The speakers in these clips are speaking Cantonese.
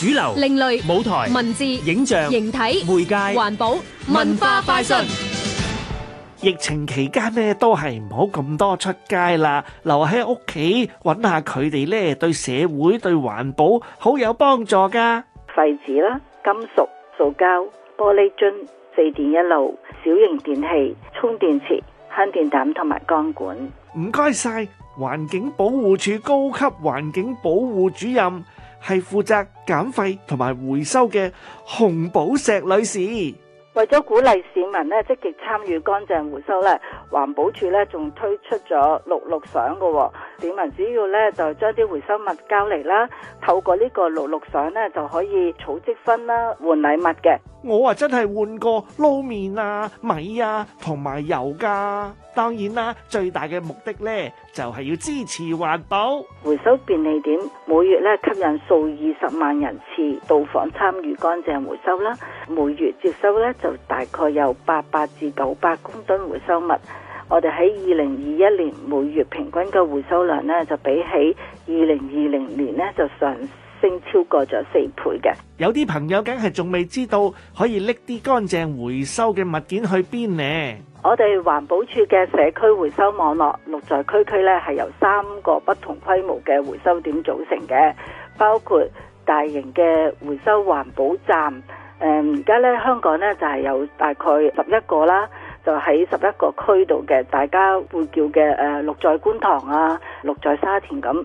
主流、另類舞台、文字、影像、形體、媒介、環保、文化快訊。疫情期間呢，都係唔好咁多出街啦，留喺屋企揾下佢哋呢，對社會、對環保好有幫助噶。廢紙啦、金屬、塑膠、玻璃樽、四電一路、小型電器、充電池、慳電膽同埋鋼管。唔該晒，環境保護署高級環境保護主任。係負責減廢同埋回收嘅紅寶石女士，為咗鼓勵市民咧積極參與乾淨回收咧，環保署咧仲推出咗六六賞嘅，市民主要咧就將啲回收物交嚟啦，透過呢個六六賞咧就可以儲積分啦，換禮物嘅。我啊真係換過撈麵啊、米啊同埋油噶。當然啦，最大嘅目的呢就係、是、要支持環保回收，便利店每月呢吸引數二十萬人次到訪參與乾淨回收啦。每月接收呢就大概有八百至九百公噸回收物。我哋喺二零二一年每月平均嘅回收量呢，就比起二零二零年呢就上。升超過咗四倍嘅。有啲朋友梗係仲未知道可以拎啲乾淨回收嘅物件去邊呢？我哋環保署嘅社區回收網絡綠在區區咧，係由三個不同規模嘅回收點組成嘅，包括大型嘅回收環保站。誒，而家咧香港咧就係有大概十一個啦，就喺十一個區度嘅，大家會叫嘅誒，綠在觀塘啊，綠在沙田咁。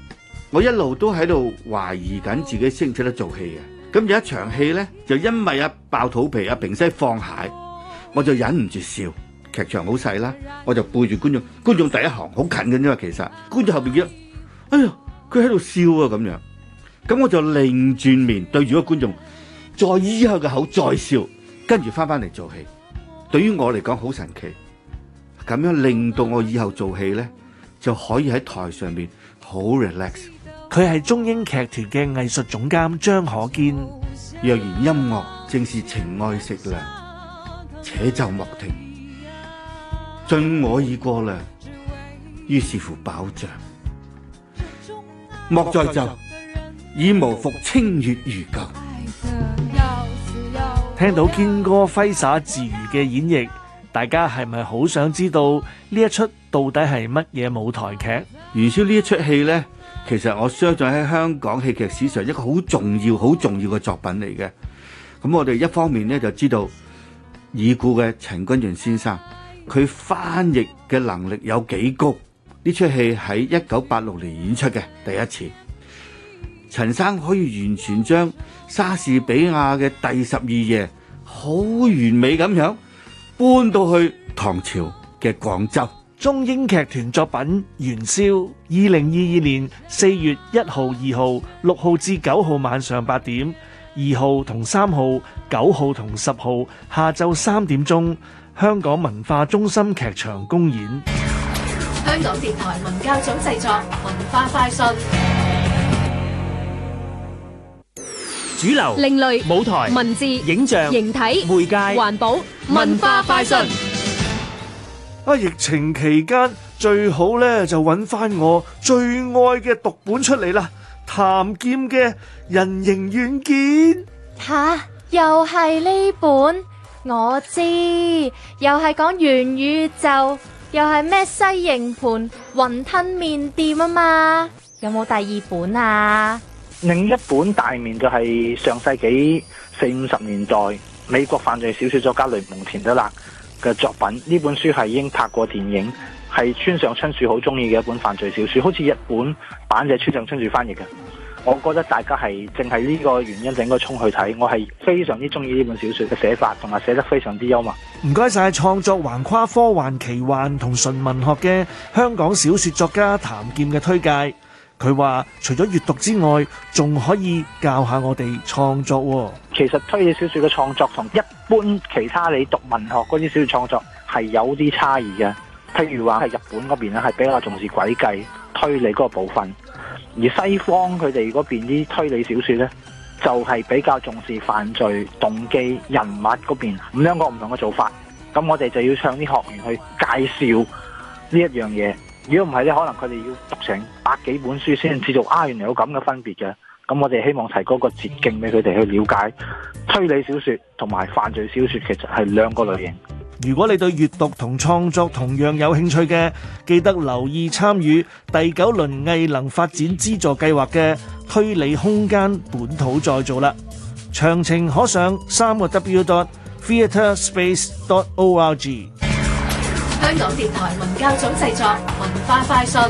我一路都喺度懷疑緊自己識唔識得做戲嘅，咁有一場戲咧，就因為啊爆肚皮、啊平西放蟹，我就忍唔住笑。劇場好細啦，我就背住觀眾，觀眾第一行好近嘅啫嘛，其實觀眾後邊見到，哎呀，佢喺度笑啊咁樣，咁我就擰轉面對住個觀眾，再依佢嘅口再笑，跟住翻翻嚟做戲。對於我嚟講好神奇，咁樣令到我以後做戲咧就可以喺台上面好 relax。佢係中英劇團嘅藝術總監張可堅。若然音樂正是情愛食糧，且就莫停。盡我已過量，於是乎飽脹。莫再就，已無復清月如舊。聽到堅哥揮灑自如嘅演繹，大家係咪好想知道呢一齣？到底係乜嘢舞台劇？《元宵》呢一出戲呢，其實我相信喺香港戲劇史上一個好重要、好重要嘅作品嚟嘅。咁我哋一方面呢，就知道已故嘅陳鈞潤先生，佢翻譯嘅能力有幾高？呢出戲喺一九八六年演出嘅第一次，陳生可以完全將莎士比亞嘅《第十二夜》好完美咁樣搬到去唐朝嘅廣州。中英劇團作品《元宵》，二零二二年四月一號、二號、六號至九號晚上八點，二號同三號、九號同十號下晝三點鐘，香港文化中心劇場公演。香港電台文教組製作《文化快訊》，主流、另類、舞台、文字、影像、形體、媒介、環保、文化快訊。啊！疫情期間最好咧就揾翻我最愛嘅讀本出嚟啦，《譚劍嘅人形軟件》吓，又係呢本，我知，又係講元宇宙，又係咩西營盤雲吞麵店啊嘛，有冇第二本啊？另一本大面就係上世紀四五十年代美國犯罪小説作家雷蒙田得啦。嘅作品，呢本書係已經拍過電影，係村上春樹好中意嘅一本犯罪小說，好似日本版嘅村上春樹翻譯嘅。我覺得大家係淨係呢個原因，就應該衝去睇。我係非常之中意呢本小說嘅寫法，同埋寫得非常之幽默。唔該晒創作橫跨科幻、奇幻同純文學嘅香港小說作家譚劍嘅推介。佢話除咗閱讀之外，仲可以教下我哋創作喎。其實推理小說嘅創作同一般其他你讀文學嗰啲小說創作係有啲差異嘅。譬如話係日本嗰邊咧，係比較重視詭計推理嗰個部分；而西方佢哋嗰邊啲推理小說呢，就係、是、比較重視犯罪動機、人物嗰邊。咁兩個唔同嘅做法，咁我哋就要向啲學員去介紹呢一樣嘢。如果唔係咧，可能佢哋要讀成百幾本書先知道啊，原來有咁嘅分別嘅。咁我哋希望提高個捷徑俾佢哋去了解推理小説同埋犯罪小説，其實係兩個類型。如果你對閱讀同創作同樣有興趣嘅，記得留意參與第九輪藝能發展資助計劃嘅推理空間本土再造啦。詳情可上三個 w dot theatre space dot org。香港電台文教組製作《文化快訊》。